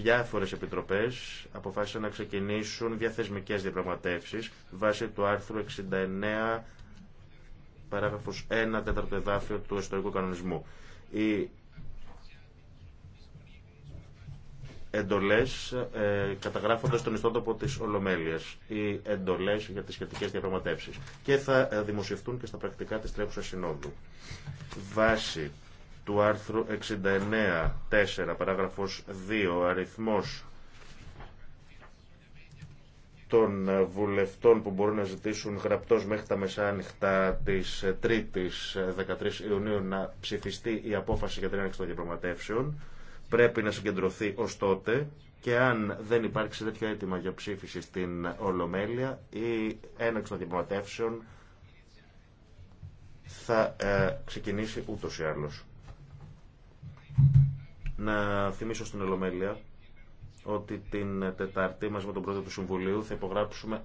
διάφορες επιτροπές αποφάσισαν να ξεκινήσουν διαθεσμικές διαπραγματεύσεις βάσει του άρθρου 69 παράγραφος 1 τέταρτο εδάφιο του ιστορικού κανονισμού. Οι εντολές ε, καταγράφονται στον ιστότοπο της Ολομέλειας. Οι εντολές για τις σχετικέ διαπραγματεύσεις. Και θα ε, δημοσιευτούν και στα πρακτικά τη τρέχουσα συνόδου. Βάσει του άρθρου 69, 4, παράγραφος 2, αριθμός των βουλευτών που μπορούν να ζητήσουν γραπτός μέχρι τα μεσάνυχτα της 3ης 13 Ιουνίου να ψηφιστεί η απόφαση για την άνοιξη των διαπραγματεύσεων πρέπει να συγκεντρωθεί ως τότε και αν δεν υπάρξει τέτοιο αίτημα για ψήφιση στην Ολομέλεια η έναξη των διαπραγματεύσεων θα ε, ξεκινήσει ούτως ή άλλως. Να θυμίσω στην Ολομέλεια ότι την Τετάρτη μαζί με τον Πρόεδρο του Συμβουλίου θα υπογράψουμε